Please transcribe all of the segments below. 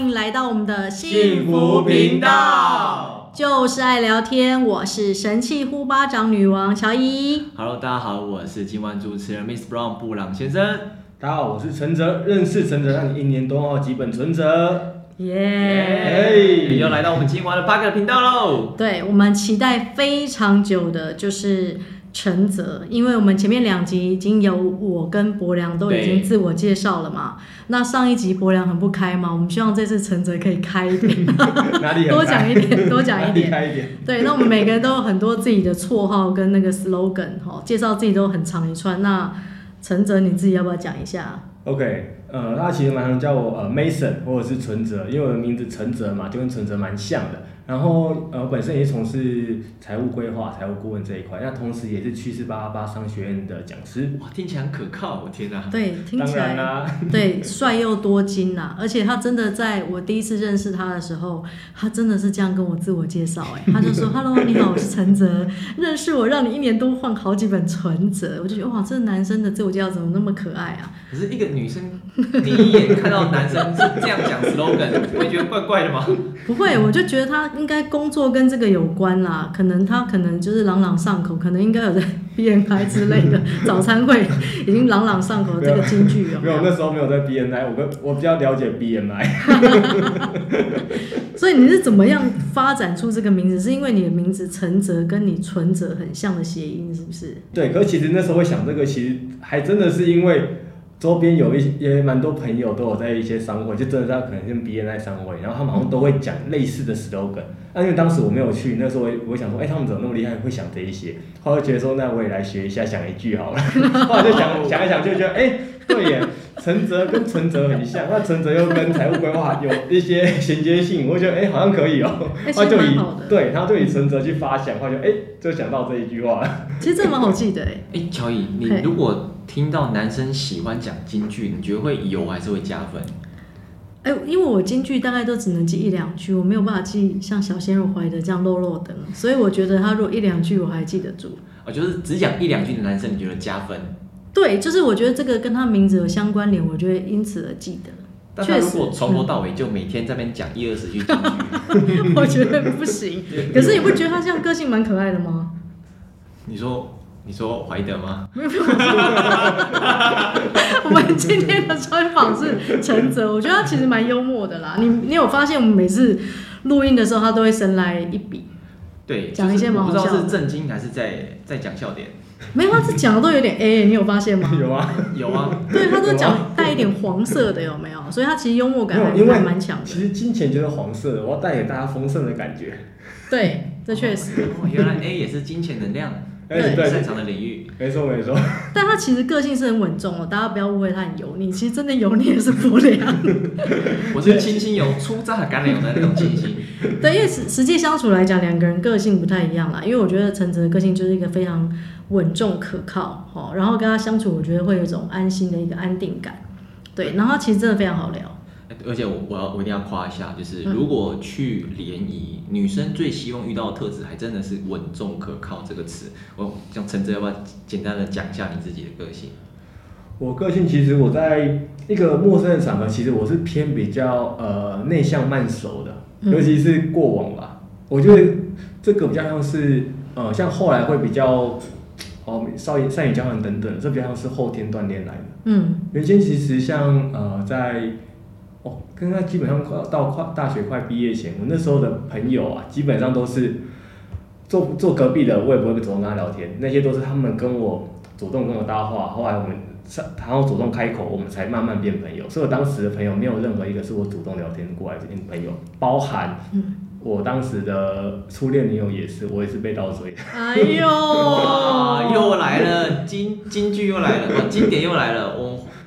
迎來到我們的幸福頻道，就是愛聊天。我是神氣呼巴掌女王喬伊。Hello，大家好，我是今晚主持人 Miss Brown 布朗先生。大家好，我是承哲，認識承哲讓你一年多好幾本存折。耶、yeah！你、yeah、又、hey、來到我們今晚的八個頻道嘍。 對我們期待非常久的，就是。承哲，因為我們前面兩集已經有我跟伯良都已經自我介紹了嘛，那上一集伯良很不開嘛，我們希望這次承哲可以開一點， 哪裡開多講一點，多講一點，哪裡開一點，對，那我們每個人都有很多自己的綽號跟那個 slogan 哈，哦，介紹自己都很長一串，那承哲你自己要不要講一下？OK，呃，那其實蠻多人叫我呃 Mason 或者是存摺，因為我的名字承哲嘛，就跟存摺蠻像的。然後，呃，本身也從事財務規劃、財務顧問這一塊，那同時也是趨勢巴巴商學院的講師。哇，聽起來很可靠！我天哪。對，聽起來。當然啦。對，帥又多金吶，而且他真的在我第一次認識他的時候，他真的是這樣跟我自我介紹，哎，他就說 ：“Hello，你好，我是承哲，認識我讓你一年都換好幾本存折。”我就覺得哇，這男生的自我介紹怎麼那麼可愛啊？可是，一個女生第一眼看到男生是這樣講 slogan，不 會覺得怪怪的嗎？不會，我就覺得他。應該工作跟這個有關啦，可能他可能就是朗朗上口，可能應該有在 B N I 之類的早餐會已經朗朗上口這個金句哦。沒有，沒有那時候沒有在 B N I，我我比較了解 B N I 。 所以你是怎麼樣發展出這個名字？是因為你的名字承哲跟你存折很像的諧音是不是？對，可是其實那時候會想這個，其實還真的是因為。週邊有一些也蠻多朋友都有在一些商會，就真的是可能就 BNI 在商會，然後他們好像都會講類似的 slogan。那、啊、因為當時我沒有去，那時候我我想說，哎、欸，他們怎麼那麼厲害，會想這一些？後來就覺得說，那我也來學一下，想一句好了。 後來就想 想一想，就覺得，哎、欸，對耶，承哲跟存摺很像， 那存摺又跟財務規劃有一些銜接性，我覺得，哎、欸，好像可以哦、喔。欸、還就以，對他對存摺去發想，他就哎、欸，就想到這一句話了。其實這蠻好記得哎、 欸。喬伊，你如果聽到男生喜歡講金句，你覺得會油還是會加分？因為我金句大概都只能記一兩句，我沒有辦法記像小鮮肉懷的這樣落落的，所以我覺得他如果一兩句我還記得住。就是我覺得只講一兩句的男生，你覺得加分？對，就是我覺得這個跟他名字有相關聯，我覺得因此而記得。但是如果從頭到尾就每天在那邊講一二十句、金句，確實，嗯、 我覺得不行。 可是你不覺得他這樣個性蠻可愛的嗎？你說。你說懷德嗎？ 我們今天的專訪是承哲，我覺得他其實蠻幽默的啦。你你有發現我們每次錄音的時候，他都會神來一筆，對，講一些蠻好的、就是、我不知道是正經還是在在講笑點。沒有，他講的都有點 A，你有發現嗎？有啊，有啊，對他都講帶一點黃色的，有沒有？所以他其實幽默感還蠻強的。其實金錢就是黃色的，我要帶給大家豐盛的感覺。對，這確實。 原來 A 也是金錢能量。哎，在擅長的領域，沒錯沒錯。但他其實個性是很穩重哦，大家不要誤會他很油膩，其實真的油膩也是不良。 我覺得清新油，粗榨橄欖油的那種清新。 對，因為實實際相處來講，兩個人個性不太一樣啦。因為我覺得承哲的個性就是一個非常穩重可靠哦，然後跟他相處，我覺得會有一種安心的一個安定感。對，然後他其實真的非常好聊。而且我我要我一定要誇一下，就是如果去聯誼，女生最希望遇到的特質，還真的是穩重可靠這個詞。我想承哲要不要簡單的講一下你自己的個性？我個性其實我在一個陌生的場合，其實我是偏比較呃內向慢熟的，尤其是過往吧。嗯、我覺得這個比較像是呃像後來會比較哦少善於交往等等，這比較像是後天鍛鍊來的。嗯，原先，其實像呃在。哦、跟他基本上快到快大學快畢業前，我那時候的朋友啊，基本上都是坐坐隔壁的，我也不會主動跟他聊天。那些都是他們跟我主動跟我搭話，後來我們然後主動開口，我們才慢慢變朋友。所以我當時的朋友沒有任何一個是我主動聊天過來這朋友，包含我當時的初戀女友也是，我也是被倒追。哎呦、 啊，又來了，金金句又來了，我、啊、經典又來了，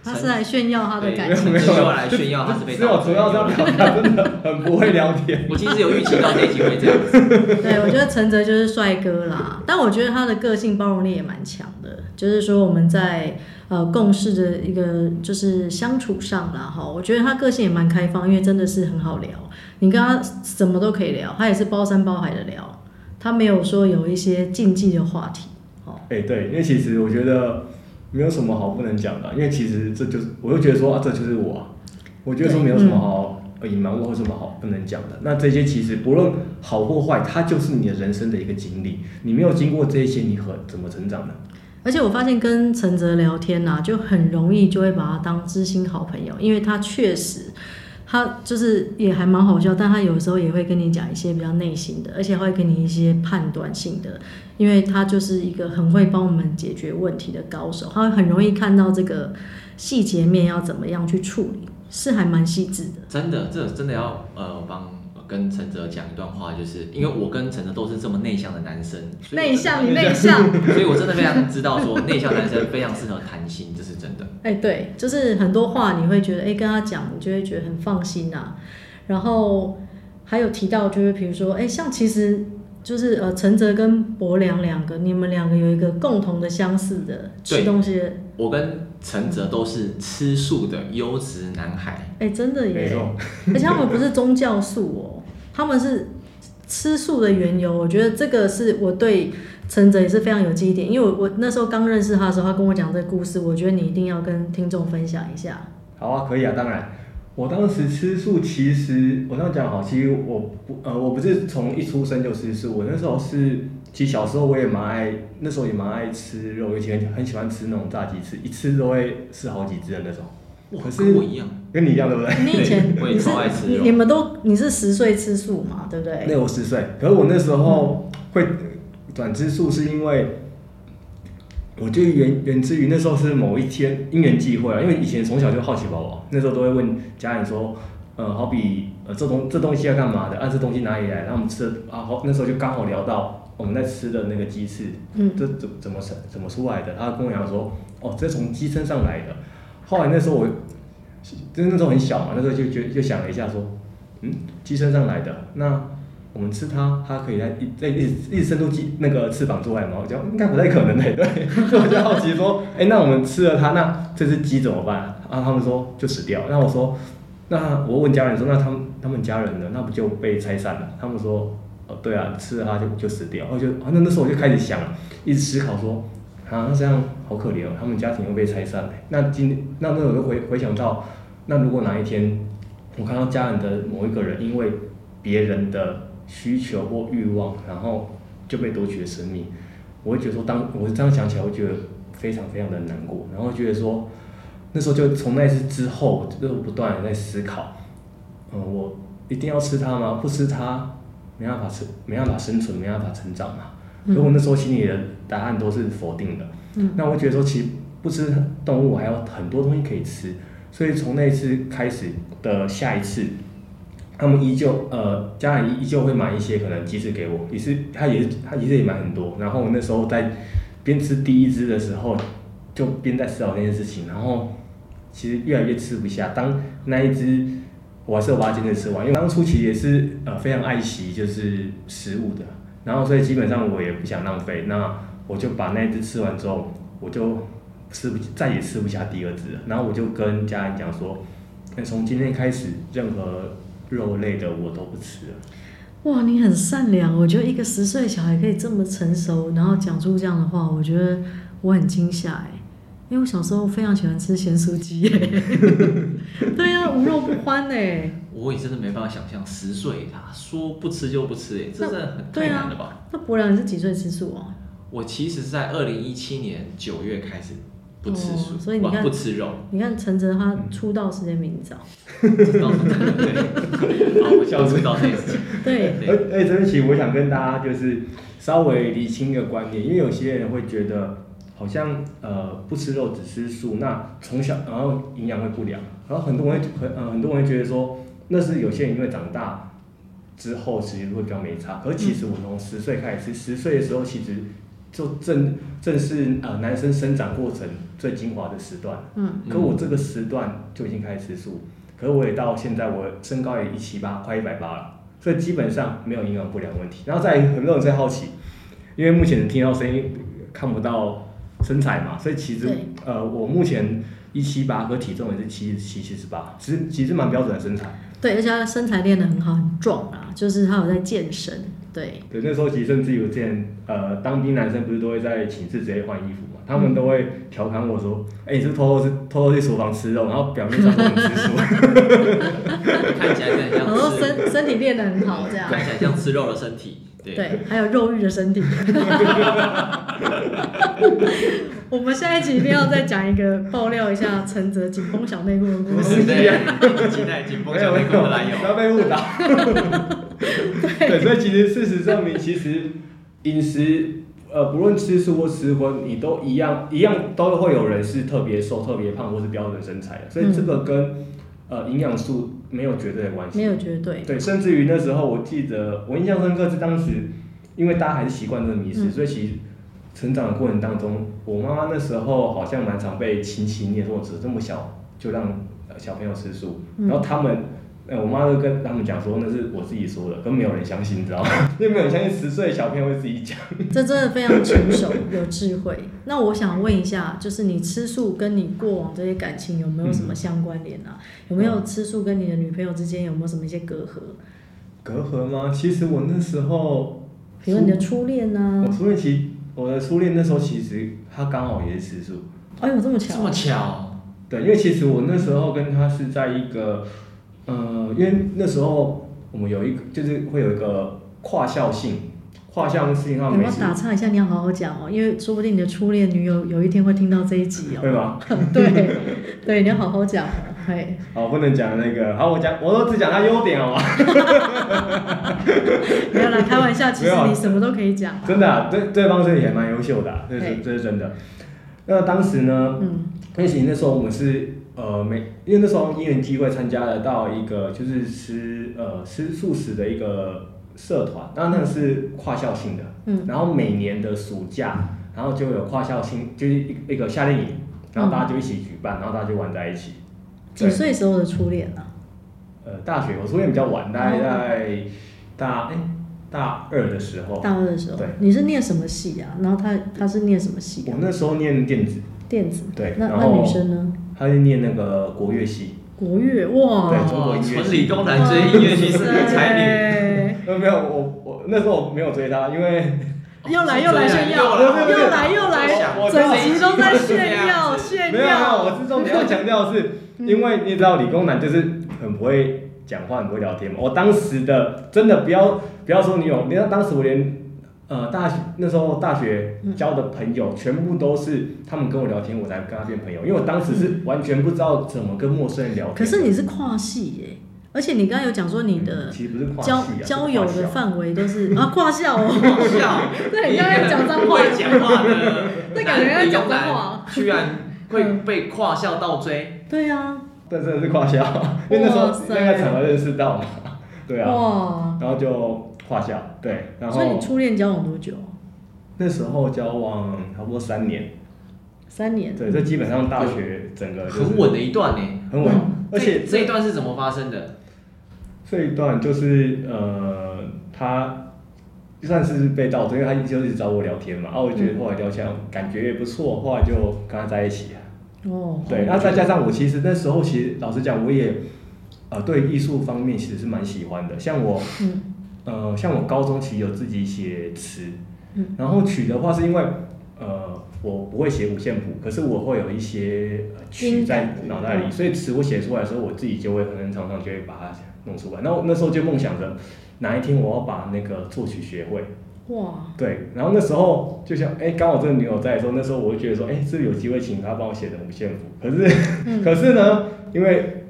他是來炫耀他的感情，主要來炫耀。他是被主要是要聊，他真的很不會聊天。 我 其實有預期到這一集會這樣子。對，我覺得承哲就是帥哥啦，但我覺得他的個性包容力也蠻強的，就是說我們在呃共事的一個就是相處上啦哈，我覺得他個性也蠻開放，因為真的是很好聊，你跟他什麼都可以聊，他也是包山包海的聊，他沒有說有一些禁忌的話題。哦、喔，哎、欸、對，因為其實我覺得。沒有什麼好不能講的，因為其實這就是，我就覺得說啊，這就是我，我覺得說沒有什麼好隱瞞或什麼好不能講的。那這些其實不論好或壞，它就是你的人生的一個經歷。你沒有經過這些，你會怎麼成長呢？而且我發現跟承哲聊天呢、啊，就很容易就會把他當知心好朋友，因為他確實。他就是也還蠻好笑，但他有時候也會跟你講一些比較內心的，而且會給你一些判斷性的，因為他就是一個很會幫我們解決問題的高手，他會很容易看到這個細節面要怎麼樣去處理，是還蠻細緻的。真的，這真的要呃幫。跟承哲講一段話，就是因為我跟承哲都是這麼內向的男生，內向你內向，向 所以我真的非常知道說內向男生非常適合談心，這是真的。哎、欸，對，就是很多話你會覺得哎、欸、跟他講，你就會覺得很放心啊。然後還有提到就是譬如說哎、欸，像其實就是呃承哲跟柏良兩個，你們兩個有一個共同的相似的吃東西，對，我跟承哲都是吃素的優質男孩。哎、欸，真的耶，沒 而且他們不是宗教素哦。他們是吃素的緣由，我覺得這個是我對承哲也是非常有記憶點，因為我我那時候剛認識他的時候，他跟我講這個故事，我覺得你一定要跟聽眾分享一下。好啊，可以啊，當然，我當時吃素，其實我這樣講好，其實我不呃，我不是從一出生就吃素，我那時候是，其實小時候我也蠻愛，那時候也蠻愛吃肉，以前很，很喜歡吃那種炸雞翅，一吃都會吃好幾隻的那種。哇可是，跟我一樣，跟你一樣，對不對？你以前你是我也愛吃肉你，你們都。你是十歲吃素嘛？對不對？那我十歲，可是我那時候會轉吃素，嗯、是因為我就源源自於那時候是某一天因緣際會啊。因為以前從小就好奇寶寶，那時候都會問家人說：“呃，好比呃這東這東西要幹嘛的？啊，這東西哪裡來？”然後我們吃的啊，好那時候就剛好聊到我們在吃的那個雞翅，嗯，這怎怎麼成怎麼出來的？他跟我講說：“哦，這是從雞身上來的。”後來那時候我就是那時候很小嘛，那時候就就就，就想了一下說。嗯，雞身上來的那，我們吃它，它可以在一在一直伸出雞那個翅膀之外嘛，我覺得應該不太可能哎、欸，對， 所以我就好奇說，哎、欸，那我們吃了它，那這隻雞怎麼辦啊？他們說就死掉。那我說，那我問家人說，那他們他們家人呢？那不就被拆散了？他們說，哦，對啊，吃了它就就死掉。我就那、啊、那時候我就開始想，一直思考說，啊，那這樣好可憐哦，他們家庭又被拆散了、欸、那今那那我就回回想到，那如果哪一天。我看到家人的某一個人，因為別人的需求或慾望，然後就被奪取了生命，我會覺得說當，當我這樣想起來，我覺得非常非常的難過。然後覺得說，那時候就從那次之後，我就不斷的在思考，嗯，我一定要吃它嗎？不吃它，沒辦法吃，沒辦法生存，沒辦法成長嘛。所、嗯、以那時候心裡的答案都是否定的。嗯、那我覺得說，其實不吃動物，還有很多東西可以吃。所以從那一次開始的下一次，他們依舊呃，家裡依舊會買一些可能雞翅給我，也是他也他也是也買很多。然後我那時候在邊吃第一隻的時候，就邊在思考這件事情。然後其實越來越吃不下。當那一隻我還是把它今天吃完，因為當初其實也是呃非常愛惜就是食物的。然後所以基本上我也不想浪費，那我就把那隻吃完之後，我就。吃不再也吃不下第二次了，然後我就跟家人講說，那、欸、從今天開始，任何肉類的我都不吃了。哇，你很善良，我覺得一個十歲小孩可以這麼成熟，然後講出這樣的話，我覺得我很驚嚇哎，因為我小時候非常喜歡吃鹹酥雞哎， 對呀、啊，無肉不歡，我也真的沒辦法想象，十歲他、啊、說不吃就不吃，這是真的、啊、太難了吧？那博然你是幾歲吃素啊？我其實是在二零一七年九月開始。不吃素、哦，所以你看不吃肉。你看承哲他、嗯、出道時間比較早， 好，我下午出道很有錢。對，而而曾奇，我想跟大家就是稍微釐清一個觀念，因為有些人會覺得好像呃不吃肉只吃素，那從小然後營養會不良，然後很多人會很呃很多人會覺得說那是有些人因為長大之後其實會比較沒差，而其實我從十歲開始吃，十、嗯、歲的時候其實。就正正是呃男生生長過程最精華的時段。嗯，可我這個時段就已經開始吃素，嗯，可是我也到現在我身高也一七八，快一百八了，所以基本上沒有營養不良問題。然後在很多人在好奇，因為目前聽到聲音看不到身材嘛，所以其實呃，我目前一七八和體重也是七七七十八，其實其實蠻標準的身材。對，而且他身材練得很好，很壯啊，就是他有在健身。對，對、嗯，那時候其實甚至有見，呃，當兵男生不是都會在寢室直接換衣服嘛，他們都會調侃我說：“哎、嗯欸，你是，不是偷，偷，偷偷去偷偷去廚房吃肉，然後表面上光吃素。 ” 看起來像這樣、哦，身身體練得很好，這樣看起來像吃肉的身體。對，對，還有肉慾的身體， 我們下一集一定要再講一個爆料一下承哲緊繃小內褲的故事。不是峰這 小內褲的男友，他被誤導。對，所以其實事實證明，其實飲食呃，不論吃素或吃葷，你都一樣，一樣都會有人是特別瘦、特別胖，或是標準身材的。所以這個跟。嗯呃，營養素沒有絕對的關係，沒有絕對，對，甚至於那時候，我記得我印象深刻是當時，因為大家還是習慣這個迷信、嗯，所以其實成長的過程當中，我媽媽那時候好像蠻常被親戚念或者，這麼小就讓小朋友吃素，嗯、然後他們。哎、欸，我媽都跟他們講說那是我自己說的，跟沒有人相信，你知道嗎？ 因為沒有人相信十歲的小朋友會自己講，這真的非常成熟 有智慧。那我想問一下，就是你吃素跟你過往這些感情有沒有什麼相關聯啊？有沒有吃素跟你的女朋友之間有沒有什麼一些隔閡？嗯，隔閡嗎？其實我那時候，比如你的初戀呢？我初戀其我的初戀那時候其實他剛好也是吃素。哎呦，這麼巧，這麼巧。對，因為其實我那時候跟他是在一個。嗯、呃，因為那時候我們有一個，就是會有一個跨校性、跨校性那種。你要打岔一下，你要好好講哦、喔，因為說不定你的初戀女友有一天會聽到這一集哦、喔。對吧？ 對，對，你要好好講、喔。哎，好，不能講那個。好，我講，我都只講他優點好好，好 嗎？ 沒有啦，開玩笑，其實你什麼都可以講、啊。真的、啊，對對方身體還蠻優秀的、啊，這、嗯就是這、就是真的。那當時呢？嗯，而且那時候我們是。呃，每，因為那時候因緣機會參加了到一個就是吃呃吃素食的一個社團，那那是跨校性的、嗯，然後每年的暑假，然後就有跨校性就是一一個夏令營，然後大家就一起舉辦，嗯、然後大家就玩在一起。嗯、幾歲時候的初戀呢、啊？呃，大學我初戀比較晚，大，大概在大、嗯、大二的時候。大二的時候，對，你是念什麼系呀、啊？然後他他是念什麼系、啊？我那時候念電子。電子，對，那那女生呢？他是念那個國樂系，國樂哇，對，中國音樂，我是理工男追，音樂系是個才女。呃 沒有，我我那時候我沒有追，他因為又來又來炫耀，又來又來，又來又來又來又來整集都在炫耀炫耀。沒有沒有，我始終更強調是，因為你知道理工男就是很不會講話， 很不會聊天嘛。我當時的真的不要不要說你有，你看當時我連。呃，大那時候大學交的朋友、嗯、全部都是他們跟我聊天，我才跟他變朋友。因為我當時是完全不知道怎麼跟陌生人聊天、嗯。可是你是跨系耶、欸，而且你剛剛有講說你的、嗯其實不是跨系啊、交交友的範圍都是 啊跨校、喔，跨校， 對，你剛講髒話，講話的，那感覺講髒話，居然會被跨校倒追？ 對啊，對，真的是跨校。因為哇塞，那要怎麼認識到嘛？對啊，哇，然後就。畫校，對，然後所以你初戀交往多久？那時候交往差不多三年，三年對，這基本上大學整個就是很，穩很穩的一段呢，很穩。嗯、而且這、這一段是怎麼發生的？這一段就是呃，他、他、他、他就算是被倒追，所以他一直找我聊天嘛，然、嗯、後我覺得後來聊起來感覺也不錯，後來就跟他在一起了哦，對，那再加上我其實那時候其實老實講，我也呃對藝術方面其實是蠻喜歡的，嗯、像我嗯。呃，像我高中其實有自己寫詞、嗯，然後曲的話是因為，呃，我不會寫五線譜，可是我會有一些曲在腦袋裡、嗯，所以詞我寫出來的時候，我自己就會很很常常就會把它弄出來。然後我那時候就夢想着哪一天我要把那個作曲學會。哇。對，然後那時候就想，哎，剛好這個女友在的時候，那時候我就覺得說，哎，是不是有機會請她幫我寫的五線譜？可是、嗯，可是呢，因為。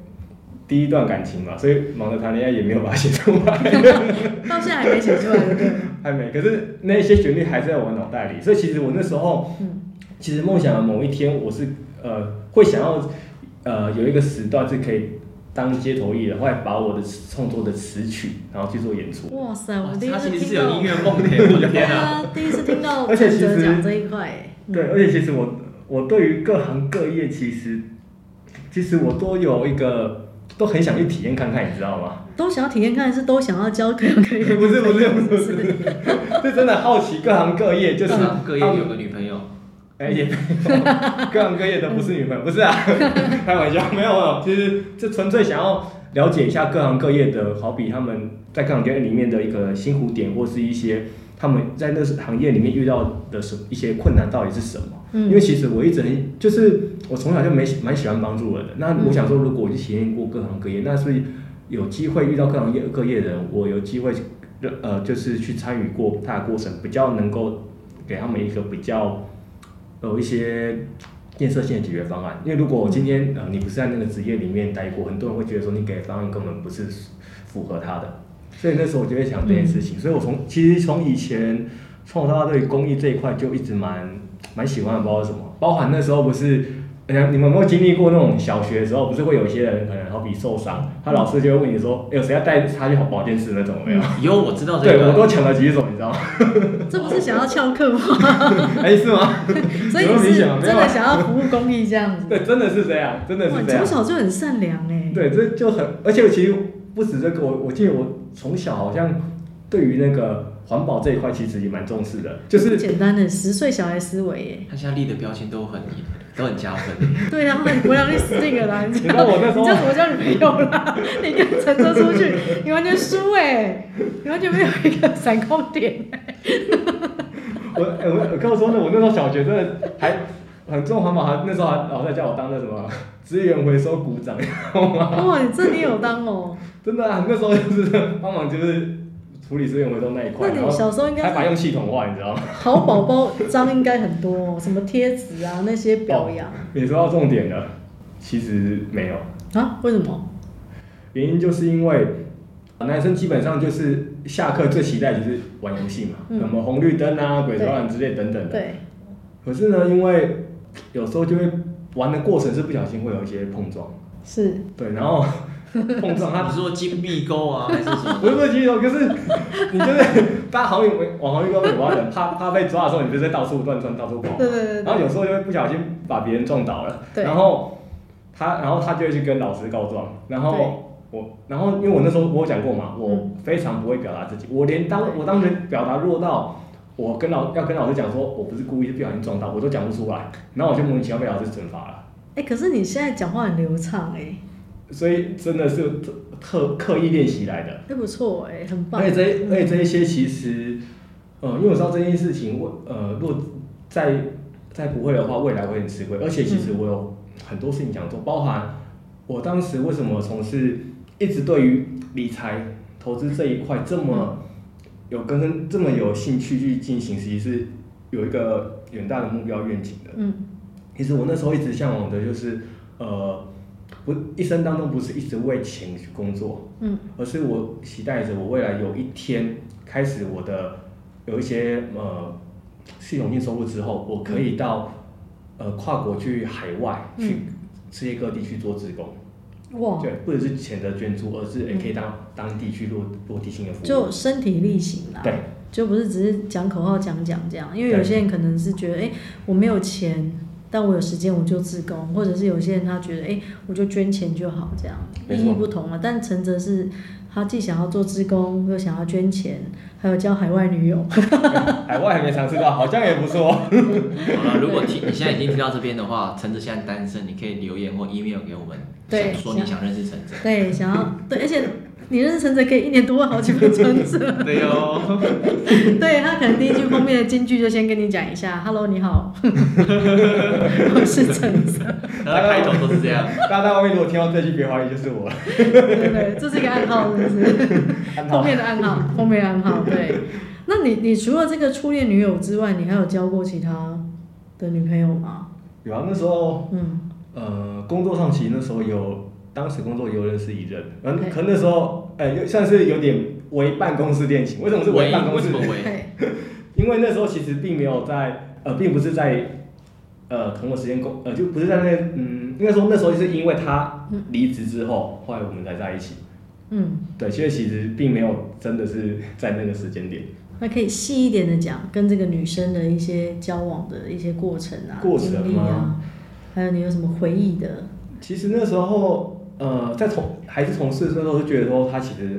第一段感情嘛，所以忙着談戀愛，也沒有把它寫出來，到現在還沒寫出來是不是？ 還沒。可是那些旋律還是在我腦袋裡，所以其實我那時候，嗯、其實夢想的某一天，我是呃會想要呃有一個時段是可以當街頭藝人，或者把我的創作的詞曲，然後去做演出。哇塞，我第一次聽到，我的 天啊，第一次聽到，而且其實、嗯、對，而且其實我我對於各行各業，其實其實我都有一個。嗯都很想去體驗看看，你知道嗎？都想要體驗看，還是都想要交各行各業？朋 友。不是不是不是， 這真的好奇各行各業、就是、各行各業，就是各行各業有個女朋友，哎、欸、也， 各行各業的不是女朋友，不是啊， 開玩笑，沒有沒有，其實就純粹想要了解一下各行各業的，好比他們在各行各業裡面的一個辛苦點或是一些。他們在那個行業裡面遇到的什一些困難到底是什麼？嗯，因為其實我一直就是我從小就沒蠻喜歡幫助人的。那我想說，如果我去體驗過各行各業，那是不是有機會遇到各行各業各業的人，我有機會呃就是去參與過他的過程，比較能夠給他們一個比較有一些建設性的解決方案。因為如果今天呃你不是在那個職業裡面待過，很多人會覺得說你給的方案根本不是符合他的。所以那時候我就會想這件事情，嗯、所以我從其實從以前，從小到大對公益這一塊就一直蠻蠻喜歡的，不知道是什麼，包含那時候不是，哎、欸，你們有沒有經歷過那種小學的時候，不是會有一些人可能好比受傷、嗯，他老師就會問你說，哎、欸，誰要帶他去保健室，那種有，沒、嗯、有我知道這個，對我都搶了幾種，你知道嗎？這不是想要翹課嗎？哎、 欸，是嗎？ 所以你是真的想要服務公益這樣子？ 對，真的是這樣，真的是這樣。從小就很善良哎、欸。對，這就很，而且我其實不止這個，我我記得我。從小好像對於那個環保這一塊，其實也蠻重視的。就是簡單的、欸、十歲小孩思維耶、欸。他現在立的標籤都很都很加分。 對呀、啊，你不要去 stick 了，你叫什麼叫你沒有啦？你跟承哲出去， 你完全輸哎、欸，你完全沒有一個閃光點、欸 我欸。我我我跟我說呢，我那時候小學真的還很重環保，那時候還老師叫我當那什麼。資源回收鼓掌，你嗎？哇，你這你有當哦、喔？真的啊，那時候就是幫忙，就是處理資源回收那一塊。那你小時候應該還蠻用系統化，你知道嗎？好寶寶章，應該很多， 什麼貼紙啊那些表揚。你、哦、說到重點了，其實沒有啊？為什麼？原因就是因為男生基本上就是下課最期待的就是玩遊戲嘛、嗯，什麼紅綠燈啊、鬼抓人之類等等的。對。可是呢，因為有時候就會。玩的過程是不小心會有一些碰撞，是對，然後、嗯、碰撞他，比如說金幣鈎啊還是什麼？不是金幣鈎，可是 你就是把好綠網紅綠光尾巴的，怕怕被抓的時候，你就在到處亂竄，到處跑，對對對，然後有時候就會不小心把別人撞倒了，然後他，然後他就會去跟老師告狀，然後我，然後因為我那時候我講過嘛、嗯，我非常不會表達自己，我連當我當時表達弱到。我跟老要跟老師講說，我不是故意，不小心撞到，我都講不出來，然後我就莫名其妙被老師懲罰了。哎、欸，可是你現在講話很流暢誒、欸，所以真的是特特刻意練習來的。哎、欸，不錯誒、欸，很棒。哎，這哎這一些其實，嗯、呃，因為我知道這件事情，我呃，如果再再不會的話，未來會很吃虧。而且其實我有很多事情想做、嗯，包含我當時為什麼從事，一直對於理財投資這一塊這麼。有跟這麼有興趣去進行，其實是有一個遠大的目標願景的。嗯，其實我那時候一直向往的就是，呃，不，一生當中不是一直為錢去工作，嗯，而是我期待着我未來有一天開始我的有一些呃系統性收入之後，我可以到、嗯、呃跨國去海外去世界各地去做志工。哇、wow！對，不只是錢的捐助，而是也可以當、嗯、當地去落落地性的服務，就身體力行啦。嗯、對，就不是只是講口號講講這樣，因為有些人可能是覺得，哎、欸，我沒有錢，但我有時間我就自工，或者是有些人他覺得，哎、欸，我就捐錢就好，這樣意義不同了啊。但承哲是。他既想要做志工，又想要捐錢，還有交海外女友。 欸、海外還沒嘗試到，好像也不錯。 好了，如果聽你現在已經聽到這邊的話，承哲現在單身，你可以留言或 email 給我們，對，想說你想，想認識承哲。對，想要對，而且。你認識承哲，可以一年多問好幾回承哲。對喲，對，他可能第一句封面的金句就先跟你講一下 ，Hello，你好 我 是承哲。他開頭都是這樣， 大家在外面如果聽到這句，別懷疑，就是我。 對，對，對，這是一個暗號，是不是？啊、 後面的暗號，後面的暗號，對。那你你除了這個初戀女友之外，你還有交過其他的女朋友嗎？有啊，那時候，嗯，呃，工作上其實那時候有。當時工作有認識一人，嗯、okay.，可那時候，哎、欸，又算是，有點為辦公室戀情。為什麼是為辦公室？為什麼 因為那時候其實並沒有在，呃，並不是在，呃，同個時間工，呃，就不是在那，嗯，應該說那時候是因為他離職之後、嗯，後來我們才在一起。嗯，對，所以其實並沒有真的是在那個時間點，點。那可以細一點的講，跟這個女生的一些交往的一些過程啊，過程啊，還有你有什麼回憶的？嗯、其實那時候。呃，在同孩子同事那時候，就覺得說他其實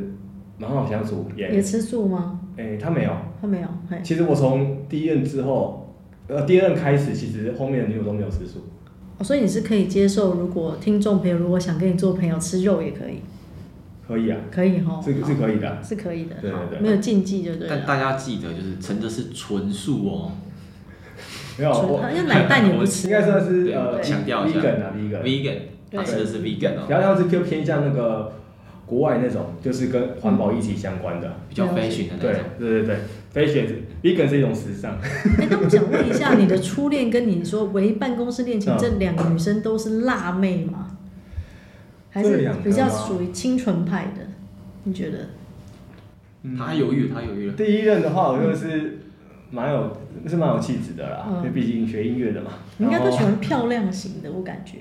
蠻好相處，也吃素嗎？哎、欸，他沒有，他沒有。嘿，其實我從第一任之後，嗯、呃，第二任開始，其實後面的女友都沒有吃素。哦，所以你是可以接受，如果聽眾朋友如果想跟你做朋友吃肉也可以，可以啊，可以哈，這個是可以的，是可以的，對對對，沒有禁忌，對。但大家記得，就是承哲是純素哦。沒有，他我，像奶蛋也不吃，我應該算是呃，強調一下，vegan 啊，vegan，, vegan 對他吃的是，是 vegan 哦、喔，然後像是就偏向那個國外那種，就是跟環保一起相關的，嗯、比較 fashion 的，對，對對對，對 ，fashion，vegan 是一種時尚。哎、欸，那我想問一下， 你的初戀跟你說為辦公室戀情，嗯、這兩個女生都是辣妹嗎？還是比較屬於清純派的？你覺得？他猶豫，他猶豫，了他猶豫了。第一任的話，我就是。嗯蠻有是蠻有氣質的啦，嗯、因為畢竟學音樂的嘛。你應該都喜歡漂亮型的，我感覺。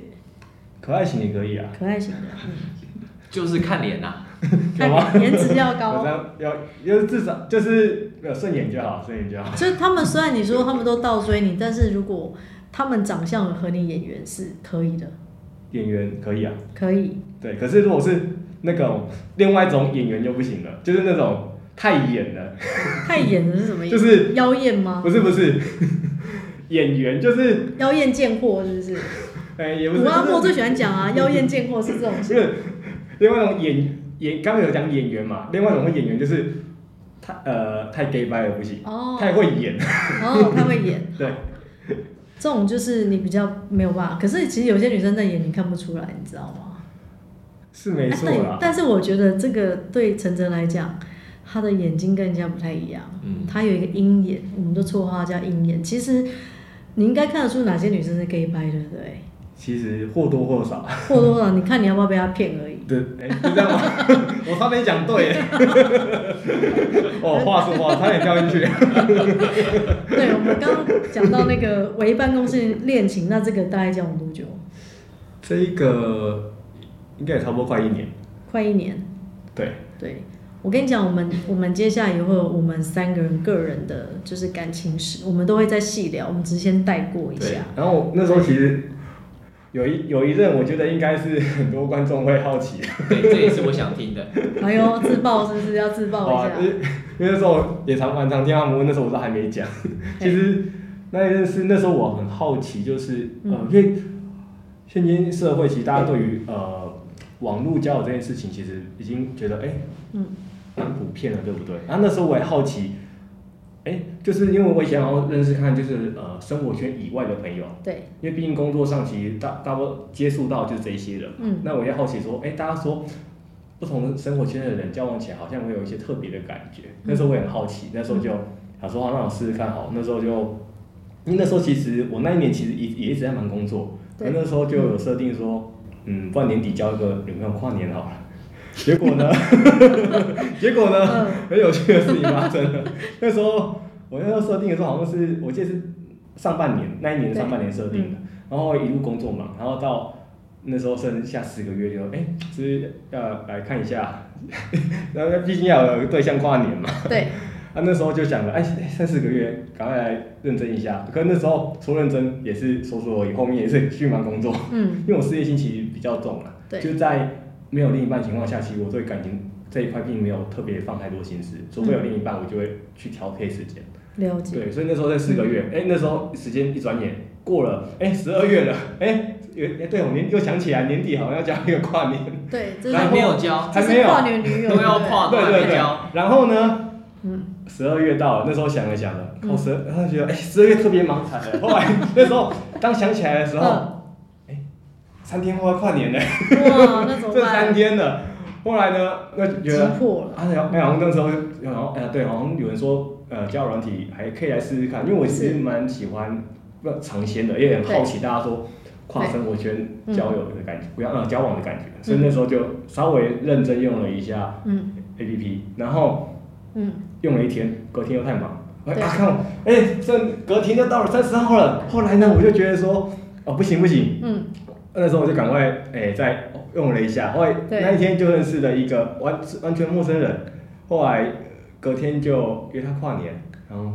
可愛型也可以啊，可愛型的、啊。 就是看臉吶、啊， 顏值要高。要 要至少就是有順眼就好，順眼就好。就是他們雖然你說他們都倒追你， 但是如果他們長相和你眼緣是可以的。眼緣可以啊。可以。對，可是如果是那種另外一種眼緣就不行了，就是那種。太演了 太演了是什麼意思？就是妖豔嗎？不是不是，演員就是妖豔賤貨，是不是？哎、欸，古阿莫最喜歡講啊， 妖豔賤貨是這種。因是另外一種演演，剛才有講演員嘛、嗯？另外一種演員就是太呃太 gay 掰了不行，太會演哦，太會演、哦 哦太會演。對，這種就是你比較沒有辦法。可是其實有些女生在演，你看不出來，你知道嗎？是沒錯、欸、但是我覺得這個對承哲來講。他的眼睛跟人家不太一樣，他、嗯、有一個鷹眼，我們都錯話叫鷹眼。其實你應該看得出哪些女生是 gay 掰的，對不對？其實或多或少，或多或少，你看你要不要被他騙而已。對，欸、你知道嗎。 我差沒講，對， 哦，話說話差點跳進去。 對，我們剛剛講到那個唯一辦公室戀情，那這個大概交往多久？這一個應該也差不多快一年。快一年。對。對。我跟你講，我們我們接下來也會有我們三個人個人的，就是感情史，我們都會再細聊，我們直接帶過一下。然後那時候其實有一有一陣，我覺得應該是很多觀眾會好奇的。對，這也是我想聽的。 哎呦，自爆是不是要自爆一下？啊、因為那時候也常常聽他們問，那時候我都還沒講。其實那一陣是那時候我很好奇，就是、嗯、呃，因為現今社會其實大家對於呃網絡交友這件事情，其實已經覺得哎、欸、嗯。蠻普遍的，對不對？然、啊、後那時候我也好奇，哎、欸，就是因為我想要認識看，就是呃，生活圈以外的朋友。對。因為畢竟工作上其實大大部分接觸到就是這些人。嗯。那我也好奇說，哎、欸，大家說不同生活圈的人交往起來，好像會有一些特別的感覺。嗯，那時候我也很好奇，那時候就想說，讓我試試看好，那時候就，因為那時候其實我那一年其實也也一直在忙工作，那、嗯、那時候就有設定說，嗯，不然年底交一個女朋友跨年好了。結果呢？ 結果呢、嗯？很有趣的事情發生了。那時候我那時候設定的時候，好像是我記得是上半年，那一年上半年設定的。然後一路工作嘛，然後到那時候剩下四個月就說，就、欸、哎，就是，是要來看一下。 然後畢竟要有一個對象跨年嘛。對。啊，那時候就想了，哎、欸，三四個月，趕快來認真一下。可是那時候除了認真，也是說說，後面也是去忙工作。嗯。因為我事業心其實比較重嘛。對。就在。沒有另一半情況下，其實我對感情這一塊並沒有特別放太多心思。除非有另一半，我就會去調配時間、嗯。了解。對，所以那時候在四個月，哎、嗯，那時候時間一轉眼過了，哎，十二月了，哎，對，我年又想起來年底好像要交一個跨年。對，然後還沒有交，還沒有。都要跨年 對對對，對、嗯。然後呢？十二月到了，那時候想了想了，我十，覺得，哎，十二月特別忙慘了 後來。那時候當想起來的時候。嗯三天跨跨年嘞， 這三天的。後來呢，那覺得了啊，然後拍紅燈的時候，然後哎，對，好像有人說，呃，交友軟體還可以來試試看，因為我其實蠻喜歡不，常、嗯、鮮、呃、的，也很好奇大家說跨生活圈交友的感覺，不要啊交往的感覺，所以那時候就稍微認真用了一下 APP，嗯，嗯，A P P，然後嗯，用了一天，隔天又太忙，哎、啊，看我，哎、欸，這隔天就到了三十號了，後來呢，我就覺得說，嗯、哦，不行不行，嗯那時候我就趕快誒、欸，再用了一下，後來那一天就認識了一個完完全陌生人，後來隔天就約他跨年，然後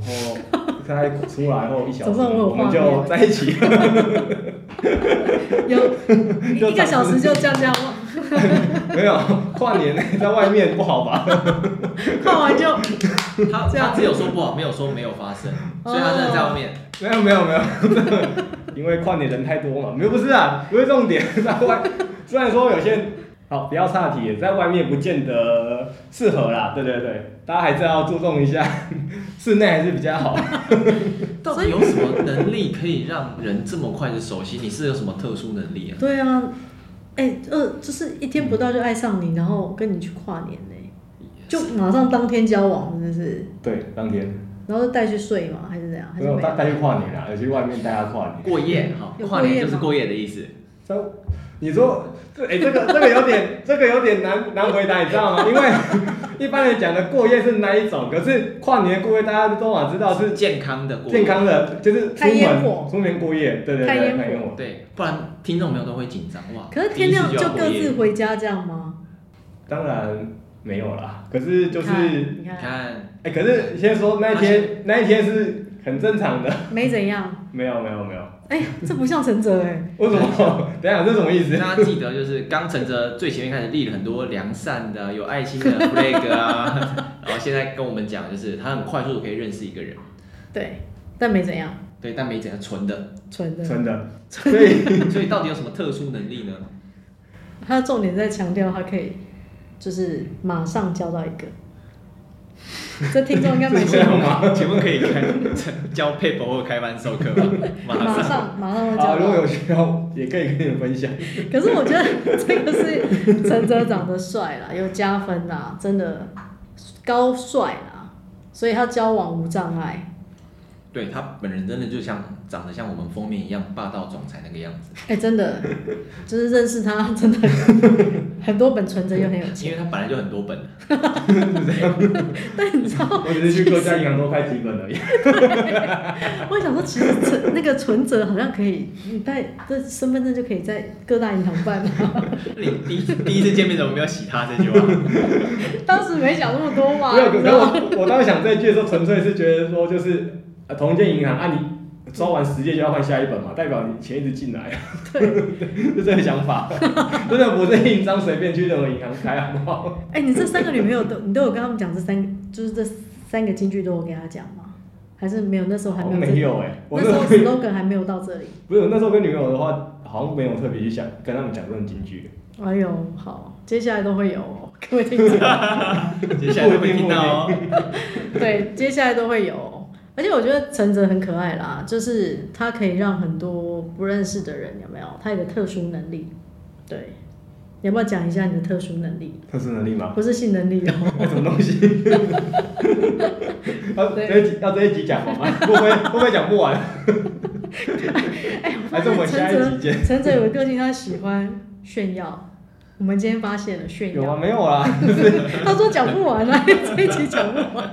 他出來後一小時我們就在一起， 有， 有一個小時就這樣這樣 沒有跨年在外面不好吧？跨 完就他這樣只有說不好，沒有說沒有發生，所以他真的在外面、oh. 沒，沒有沒有沒有。因為跨年人太多嘛，沒有不是啊，不是重點。那外 雖然說有些好比較差的體驗，在外面不見得適合啦。對對對，大家還是要注重一下，室內還是比較好。到 底有什麼能力可以讓人這麼快就熟悉？你是有什麼特殊能力啊？對啊，哎、欸，二、呃、就是一天不到就愛上你，然後跟你去跨年呢、欸，Yes. 就馬上當天交往，是不是？對，當天。然後帶去睡嘛，還是怎樣？沒有帶帶去跨年啊，而且外面帶他跨年過夜哈，跨年就是過夜的意思、嗯。你說，這、欸、哎，這個這個有點， 這個有點難難回答，你知道嗎？因為一般人講的過夜是哪一種？可是跨年的過夜，大家都知道是健康的健康的、過夜健康的，就是出門，出門過夜，對對對，對，不然聽眾朋友都會緊張哇。可是天亮就各自回家這樣嗎？當然沒有啦，可是就是你看。欸、可是先說那一天，那一天是很正常的，沒怎樣，沒有沒有沒有。哎、欸，這不像承哲哎、欸。為 什麼？等下這什麼意思？大家記得就是剛承哲最前面開始立了很多良善的、有愛心的 flag 啊， 然後現在跟我們講就是他很快速可以認識一個人。對，但沒怎樣。對，但沒怎樣，純的，純的，純的。所以 所以到底有什麼特殊能力呢？他重點在強調他可以就是馬上交到一個。 這聽眾應該沒聽吧？請問可以開 教 paper 或開班授課嗎？馬上 馬上教、啊。如果有需要，也可以跟你們分享。 可是我覺得這個是承哲長得帥啦，有加分啦，真的高帥啦。所以他交往無障礙。嗯對他本人真的就像長得像我們封面一樣，霸道總裁那個樣子，哎、欸，真的，就是認識他真的很多本存折，又很有錢，因為他本來就很多本， 對 但你知道我只是去各家銀行多開幾本而已。我想說，其實存那個存折好像可以，你帶這身份證就可以在各大銀行辦 你。你第一次第一次見面怎麼沒有洗他這句話？ 當時沒想那麼多嘛，沒有，沒有。我當時想這句的時候，純粹是覺得說就是。啊，同一間銀行啊你，你抽完十頁就要換下一本嘛，代表你錢一直進來，對，呵呵，就是、這個想法， 真的不是印章隨便去任何銀行開好不好？哎、欸，你這三個女朋友都，你都有跟她們講這三個，就是這三個金句都有跟她講嗎？還是沒有？那時候還沒有，我沒有、欸、我的那時候 slogan 還沒有到這裡。不是，那時候跟女朋友的話，好像沒有特別去想跟她們講這種金句。哎呦，好，接下來都會有、喔，各位聽到， 接下來都聽、喔、會聽到哦、喔。 對，接下來都會有、喔。而且我覺得承哲很可愛啦，就是他可以讓很多不認識的人有沒有？他有個特殊能力，對，你要不要講一下你的特殊能力？特殊能力嗎？不是性能力哦。那什麼東西？要、 啊、這一集要這一集講完嗎？不會不會講不，不完、 欸不。還是我先來，承哲有個性，他喜歡炫耀。我們今天發現了炫耀？有啊，沒有啊？ 他說講不完 啊，這一期講不完。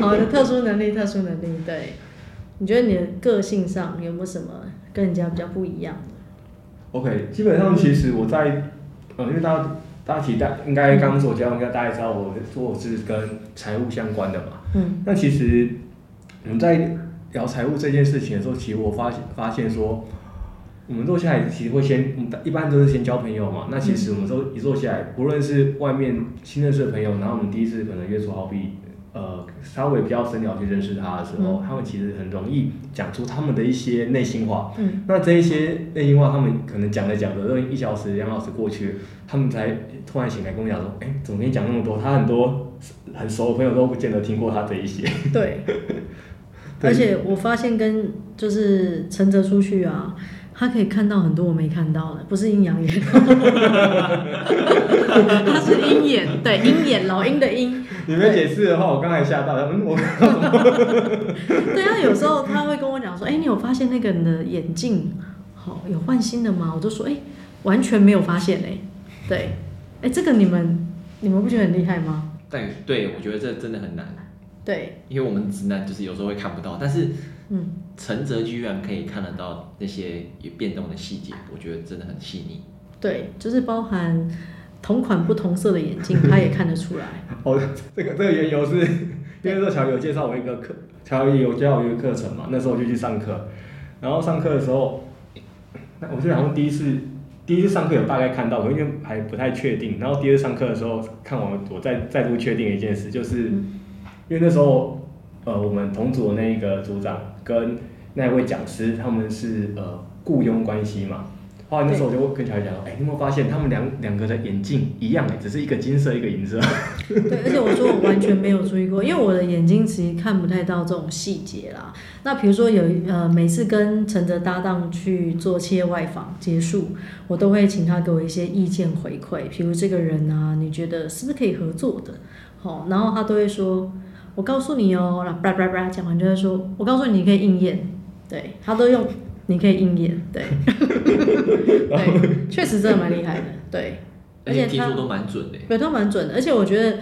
好的，特殊能力，特殊能力。對，你覺得你的個性上有沒有什麼跟人家比較不一樣的？OK，基本上其實我在、嗯、呃，因為大家大家，大家期待應該剛剛我介紹應該大家知道我說我是跟財務相關的嘛。嗯。那其實我們在聊財務這件事情的時候，其實我發發現說。我們坐下來其實會先，一般都是先交朋友嘛。那其實我們都一坐下來，不論是外面新認識的朋友，然後我們第一次可能約出，好比呃稍微比較深聊去認識他的時候，嗯、他們其實很容易講出他們的一些內心話、嗯。那這一些內心話，他們可能講着講着，因為一小時兩小時過去，他們才突然醒來跟我講說，哎、欸，怎麼跟你講那麼多，他很多很熟的朋友都不見得聽過他的一些。對， 對。而且我發現跟就是承哲出去啊。他可以看到很多我沒看到的，不是陰陽眼， 他是鷹眼，對，鷹眼，老鷹的鷹。你們解釋的話，我剛才嚇到，嗯，我。對， 對有時候他會跟我講說、欸：“你有發現那個人的眼鏡好、喔、有換新的嗎？”我就說：“哎、欸，完全沒有發現。”哎，對，哎、欸，這個你們你們不覺得很厲害嗎？但對我覺得這真的很難，對，因為我們直男就是有時候會看不到，但是。嗯，承哲居然可以看得到那些有變動的細節，我覺得真的很細膩。對，就是包含同款不同色的眼鏡， 他也看得出來。哦，這個這個緣由是，因為說喬有介紹我一個課，喬有介紹我一個課程嘛，那時候我就去上課，然後上課的時候，那我記得好像第一次、嗯、第一次上課有大概看到，因為還不太確定。然後第二次上課的時候，看我我再再度確定一件事，就是、嗯、因為那時候呃我們同組的那個組長。跟那位講師，他們是呃雇傭關係嘛。後來那時候我就跟他講，哎、欸，你有沒有發現他們兩兩個的眼鏡一樣，哎、欸，只是一個金色，一個銀色。對，而且我說我完全沒有注意過， 因為我的眼睛其實看不太到這種細節啦。那比如說有呃，每次跟承哲搭檔去做企業外訪結束，我都會請他給我一些意見回饋，譬如這個人啊，你覺得是不是可以合作的？好，然後他都會說。我告訴你哦，然後叭叭叭講完就會說，我告訴你，你可以應驗。對他都用，你可以應驗，對， 對，確 實真的蠻厲害的，對，而且，而且他聽說都蠻準的，對，都蠻準的。而且我覺得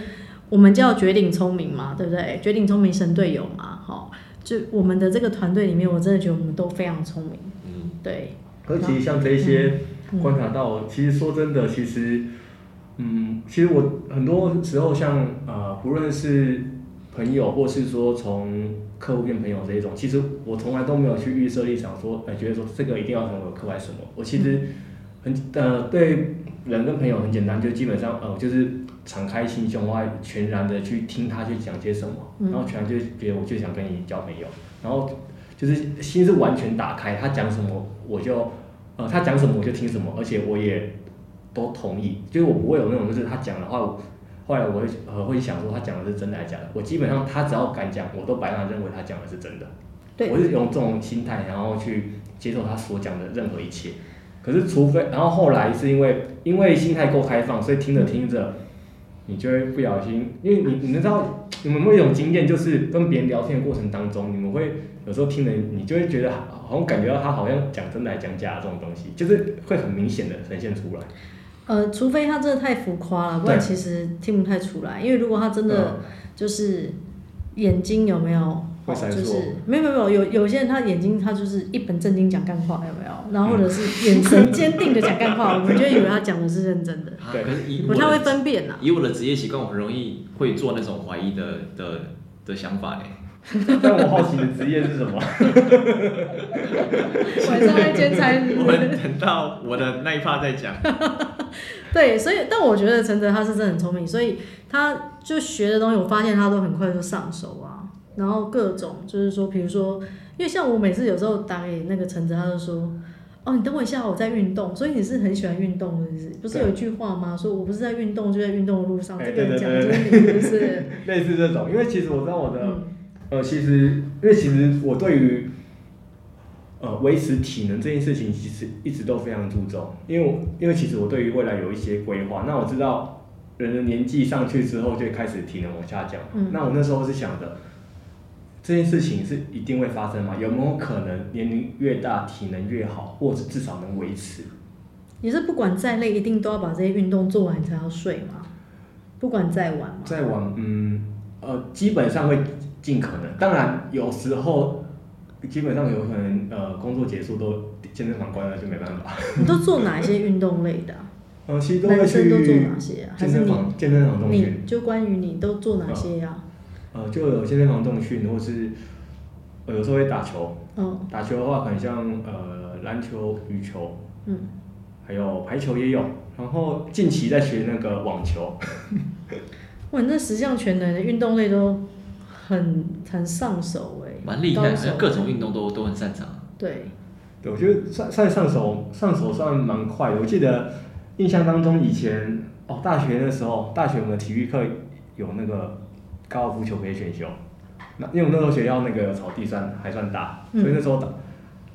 我們叫絕頂聰明嘛，對不對？嗯、絕頂聰明神隊友嘛，齁，就我們的這個團隊裡面，我真的覺得我們都非常聰明，嗯，對。而且像這些、嗯、觀察到、嗯，其實說真的，其實，嗯，其實我很多時候像啊、呃，不論是朋友，或是說從客戶變朋友這一種，其實我從來都沒有去預設立場，說，哎、欸，覺得說這個一定要成為客戶還是什麼。我其實很、嗯、呃對人跟朋友很簡單，就基本上呃就是敞開心胸，外全然的去聽他去講些什麼，然後全然就覺得我就想跟你交朋友，嗯、然後就是心是完全打開，他講什麼我就呃他講什麼我就聽什麼，而且我也都同意，就是我不會有那種就是他講的話。後來我會呃會想說他講的是真的還假的，我基本上他只要敢講，我都百分百認為他講的是真的。對，我是用這種心態，然後去接受他所講的任何一切。可是除非，然後後來是因為因為心態夠開放，所以聽着聽着，你就會不小心，因為你你們知道你們有沒有一種經驗，就是跟別人聊天的過程當中，你們會有時候聽着，你就會覺得好像感覺到他好像講真的還講假的這種東西，就是會很明顯的呈現出來。呃，除非他真的太浮誇了，不然其實聽不太出來。因為如果他真的就是眼睛有沒有，嗯喔、就是沒有沒有有有些人他眼睛他就是一本正經講幹話，有沒有？然後或者是眼神堅定的講幹話，嗯、 我們就以為他講的是認真的。對、啊，可是以不太會分辨吶。以我的職業習慣，我很容易會做那種懷疑的的的想法哎、欸。 但我好奇的職業是什麼？ 晚上會剪彩，我們等到我的那一趴再講。對，所以但我覺得承哲他是真的很聰明，所以他就學的東西，我發現他都很快就上手啊。然後各種就是說，比如說，因為像我每次有時候打給那個承哲，他就說，哦，你等我一下，我在運動。所以你是很喜歡運動的，不是有一句話嗎？說我不是在運動，就在運動的路上。這邊講就是類似這種，因為其實我知道我的，嗯、呃，其實因為其實我對於。呃，維持體能這件事情其實一直都非常注重，因為我因為其實我對於未來有一些規劃。那我知道人的年紀上去之後就開始體能往下降，嗯，那我那時候是想著，這件事情是一定會發生嗎？有沒有可能年齡越大體能越好，或者至少能維持？你是不管再累，一定都要把這些運動做完你才要睡嗎？不管再晚嗎？再晚，嗯，呃，基本上會盡可能。當然，有時候。基本上有可能，呃，工作結束都健身房關了就沒辦法。 你都做哪一些運動類的、啊呃？其實都會去健身房，男生都做哪些、啊？還是你健身房動訓？就關於你都做哪些呀、啊呃？呃，就有健身房動訓，或者是、呃、有時候會打球。嗯、哦。打球的話，可能像呃籃球、羽球，嗯，還有排球也有。然後近期在學那個網球。 嗯、哇，那十項全能的運動類都很很上手、欸。蠻厲害，的，各種運動都、嗯、都很擅長。對，對我覺得算算上手上手算蠻快的。我記得印象當中以前、嗯、哦，大學的時候，大學我們體育課有那個高爾夫球可以選修。那因為我那時候學校那個草地算還算大，所以那時候打。嗯、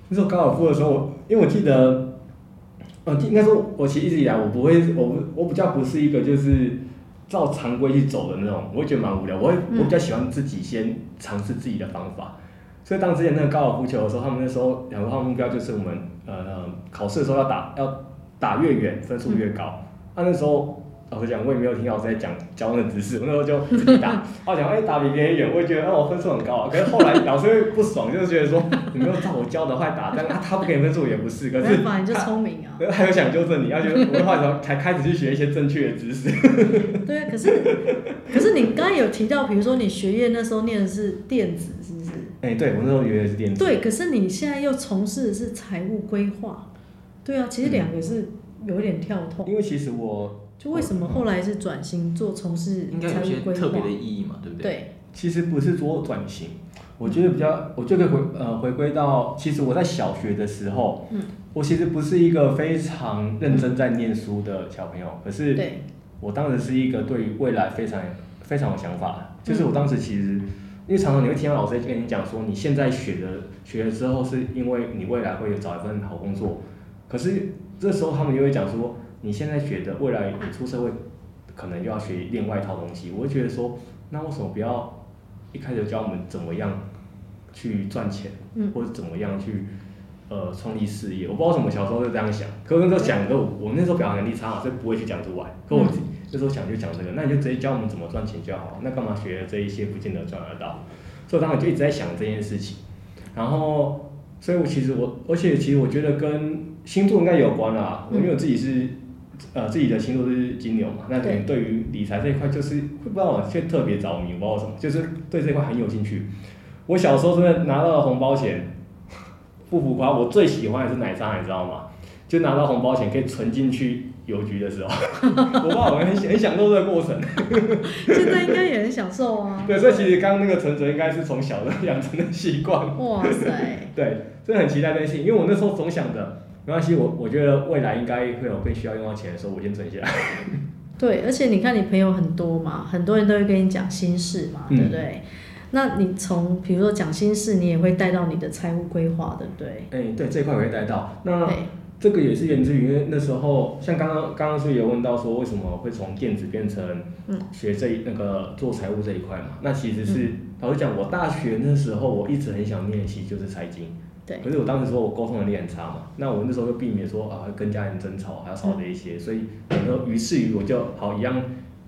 那時候高爾夫的時候，因為我記得，呃，應該說我其實一直以來我不會，我不我比較不是一個就是照常規去走的那種，我覺得蠻無聊。我我比較喜歡自己先嘗試自己的方法。嗯所以當之前那個高爾夫球的時候，他們那時候兩個話目標就是我們呃考試的時候要打要打越遠分數越高。那、嗯啊、那時候我講我也沒有聽老師在講教那個姿勢，我那時候就自己打。 我講一、欸、打比別人遠，我也覺得哦，我分數很高、啊。可是後來老師會不爽，就是覺得說你沒有照我教的來打，但啊他不給你分數也不是。可是你就聰明啊！還有想糾正你，要且我會時候才開始去學一些正確的姿勢。對啊，可是可是你剛剛有提到，比如說你學業那時候念的是電子，是不是？哎、欸，對，我那時候以為是電子。對，可是你現在又從事的是財務規劃，對啊，其實兩個是有點跳脫。因為其實我就為什麼後來是轉型做從事財務規劃？應該有些特別的意義嘛，對不對？對，其實不是說轉型、嗯，我覺得比較，我覺得回呃，回歸到其實我在小學的時候，嗯，我其實不是一個非常認真在念書的小朋友，嗯、可是我當時是一個對於未來非常非常有想法，就是我當時其實。嗯因為常常你會聽到老師跟你講說，你現在學的學了之後，是因為你未來會有找一份好工作。可是這時候他們就會講說，你現在學的未來你出社會，可能就要學另外一套東西。我會覺得說，那為什麼不要一開始教我們怎麼樣去賺錢，嗯、或者怎麼樣去呃創立事業？我不知道為什麼小時候就這樣想，可是那時想，我那時候表達能力差，所以不會去講出來。這時候想就講這個，那你就直接教我們怎麼賺錢就好了。那幹嘛學這一些不見得賺得到。所以我當時就一直在想這件事情。然後，所以我其實我，而且其實我覺得跟星座應該有關啦。嗯。我因為我自己是，呃，自己的星座是金牛嘛，那對於，對於理財這一塊就是不知道，卻特別着迷，包括什麼，就是對這塊很有興趣。我小時候真的拿到了紅包錢，不浮誇，我最喜歡的是奶茶，你知道嗎？就拿到紅包錢可以存進去。郵局的時候， 我爸我很想很享受這個過程， 現在應該也很享受啊。對，所以其實剛剛那個存折應該是從小的養成的習慣。哇塞！對，真的很期待那些。因為我那時候總想着，沒關係，我我覺得未來應該會有更需要用到錢的時候，我先存下來。對，而且你看你朋友很多嘛，很多人都會跟你講心事嘛、嗯，對不對？那你從比如說講心事，你也會帶到你的財務規劃，對不對？哎、欸，對，這一塊我會帶到。那這個也是源自於，因為那時候像剛剛剛剛是有問到說為什麼會從電子變成學這那個做財務這一塊嘛？那其實是、嗯、老實講，我大學那時候我一直很想念系就是財經，對。可是我當時說我溝通能力很差嘛，那我那時候就避免說啊跟家人爭吵還要吵一些，嗯、所以我說於是於我就好一樣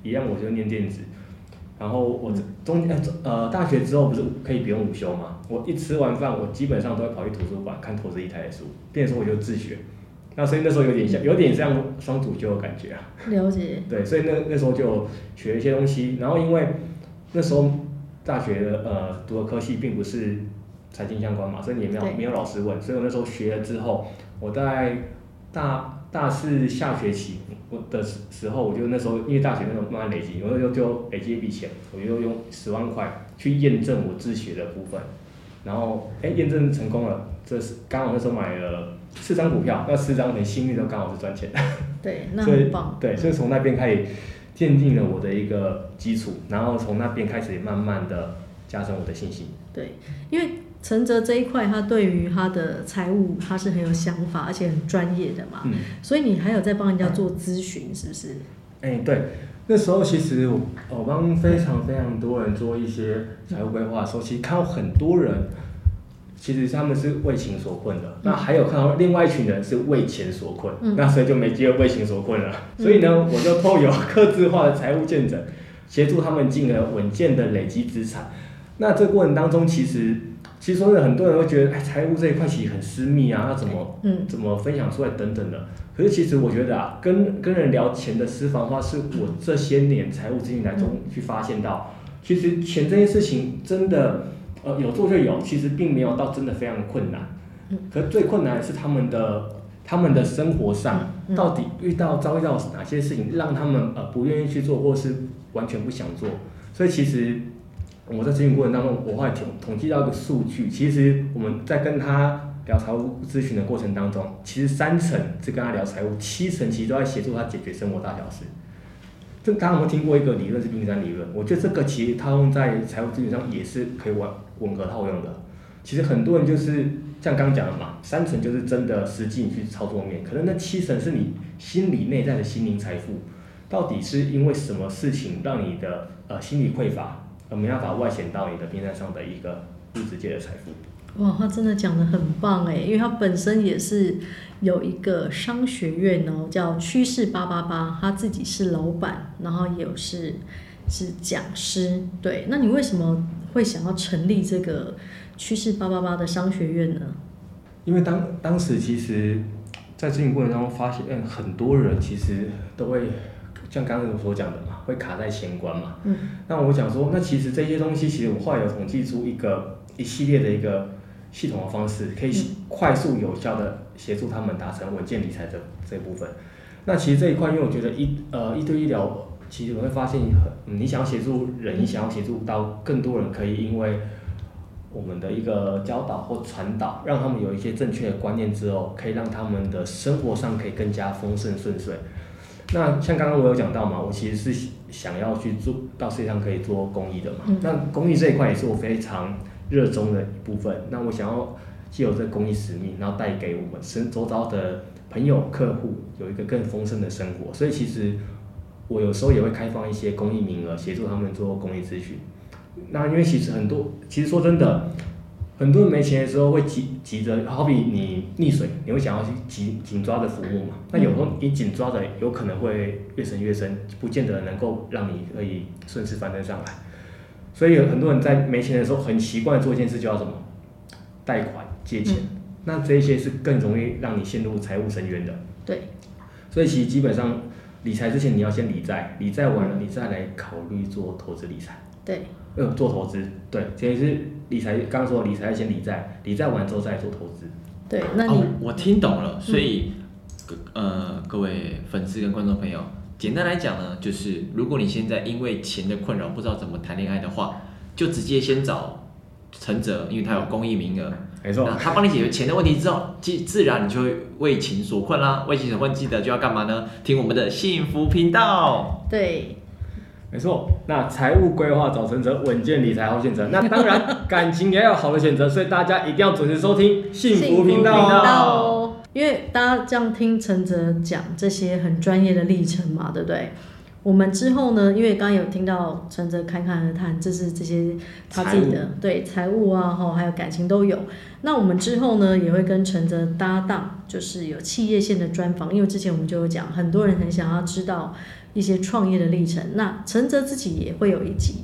一樣我就念電子，然後我中呃大學之後不是可以不用午休嘛？我一吃完飯我基本上都會跑去圖書館看投資理財的書，變說我就自學。那所以那時候有點像，有點像雙主就的感覺啊。了解。對，所以那那時候就學了一些東西，然後因為那時候大學的呃讀的科系並不是財經相關嘛，所以也沒有沒有老師問。所以我那時候學了之後，我在大大、大四下學期我的時候，我就那時候因為大學那時候慢慢累積，我就就累積一筆錢，我就用十萬塊去驗證我自學的部分，然後哎驗證成功了，這是剛好那時候買了，四張股票，那、嗯、四張的心率都剛好是賺錢的，對，那很棒 對，所以從那邊開始奠定了我的一個基礎，然後從那邊開始也慢慢的加深我的信心。對，因為承哲這一塊，他對於他的財務他是，他是很有想法，而且很專業的嘛，嗯，所以你還有在幫人家做諮詢，是不是？哎、嗯嗯欸，對，那時候其實我幫非常非常多人做一些財務規劃，所、嗯、以其實看到很多人。其實他們是為情所困的，那還有看到另外一群人是為錢所困，嗯、那所以就沒機會為情所困了、嗯。所以呢，我就透過客製化的財務見證，協、嗯、 助他們進了穩健的累積資產。那這個過程當中其，其實其實說很多人會覺得，哎，財務這一塊其實很私密啊，那怎麼怎麼分享出來等等的。可是其實我覺得啊，跟跟人聊錢的私房的話，是我這些年財務諮詢當中去發現到，嗯、其實錢這件事情真的、嗯。呃，有做就有，其實並沒有到真的非常困難。可最困難的是他們的他們的生活上到底遇到遭遇到哪些事情，讓他們呃不願意去做，或是完全不想做。所以其實我在諮詢過程當中，我會統計到一個數據，其實我們在跟他聊財務諮詢的過程當中，其實三成是跟他聊財務，七成其實都在協助他解決生活大小事。這，剛剛我們聽過一個理論是冰山理論。我覺得這個其實它用在財務諮詢上也是可以完、吻合套用的。其實很多人就是像剛剛講的嘛，三成就是真的實際你去操作面，可能那七成是你心理內在的心靈財富。到底是因為什麼事情讓你的呃心理匱乏，而沒辦法外顯到你的冰山上的一個物質界的財富。哇，他真的講得很棒誒，因為他本身也是。有一個商學院呢，叫趨勢八八八，他自己是老闆，然後也有是是講師。對，那你為什麼會想要成立這個趨勢八八八的商學院呢？因為當當時其實，在諮詢過程當中發現，很多人其實都會像剛才我所講的嘛，會卡在錢關嘛。嗯。那我想說，那其實這些東西，其實我後來有統計出一個一系列的一個系統的方式，可以快速有效的。嗯。協助他們達成穩健理財的這這部分，那其實這一塊，因為我覺得一呃一對一聊，其實我會發現很，你想要協助人，你想要協助到更多人，可以因為我們的一個教導或傳導，讓他們有一些正確的觀念之後，可以讓他們的生活上可以更加豐盛順遂。那像剛剛我有講到嘛，我其實是想要去做到世界上可以做公益的嘛、嗯，那公益這一塊也是我非常熱衷的一部分。那我想要。既有這公益使命，然後帶給我們身周遭的朋友、客戶有一個更豐盛的生活，所以其實我有時候也會開放一些公益名額，協助他們做公益諮詢。那因為其實很多，其實說真的，很多人沒錢的時候會急急着，好比你溺水，你會想要去緊緊抓着服務嘛？那有時候你緊抓着，有可能會越沉越深，不見得能夠讓你可以順勢翻身上來。所以有很多人在沒錢的時候，很習慣做一件事，就要什麼貸款。借錢、嗯，那這些是更容易讓你陷入財務深淵的。對，所以其實基本上理財之前，你要先理債，理債完了，你再來考慮做投資理財。對，呃做投資，對，這也是理財。剛剛說理財要先理債，理債完之後再做投資。對，那你、哦、我聽懂了。所以各、嗯、呃各位粉絲跟觀眾朋友，簡單來講呢，就是如果你現在因為錢的困擾，不知道怎麼談戀愛的話，就直接先找承哲，因為他有公益名額。嗯沒錯，他幫你解決錢的問題之後，自自然你就會為情所困啦、啊。為情所困，記得就要幹嘛呢？聽我們的幸福頻道。對，沒錯。那財務規劃找承哲，穩健理財好選擇。那當然，感情也有好的選擇。 所以大家一定要準時收聽幸福頻道，道哦。因為大家這樣聽承哲講這些很專業的歷程嘛，對不對？我們之後呢，因為剛剛有聽到承哲侃侃而談，就是這些他自己的財對財務啊，吼，還有感情都有。那我們之後呢，也會跟承哲搭檔，就是有企業線的專訪。因為之前我們就有講，很多人很想要知道一些創業的歷程。那承哲自己也會有一集，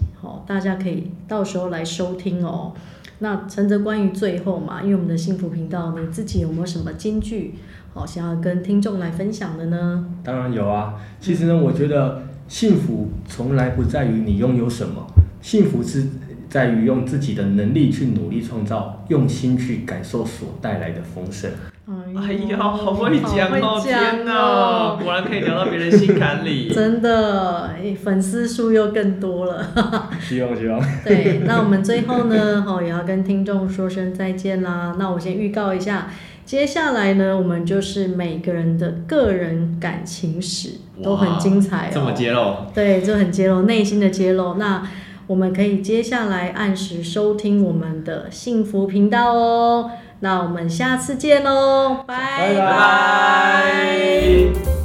大家可以到時候來收聽哦。那承哲關於最後嘛，因為我們的幸福頻道，你自己有沒有什麼金句？好，想要跟聽眾來分享的呢？當然有啊！其實呢，我覺得幸福從來不在於你擁有什麼，幸福是在於用自己的能力去努力創造，用心去感受所帶來的豐盛。哎呀、哎，好會講哦、啊！天哪、啊，果然可以聊到別人心坎裡。 真的，粉絲數又更多了。 希望，希望。對，那我們最後呢，好， 也要跟聽眾說聲再見啦。那我先預告一下。接下來呢，我們就是每個人的個人感情史都很精彩，喔，這麼揭露，對，就很揭露內心的揭露。那我們可以接下來按時收聽我們的幸福頻道哦，喔。那我們下次見嘍，拜拜。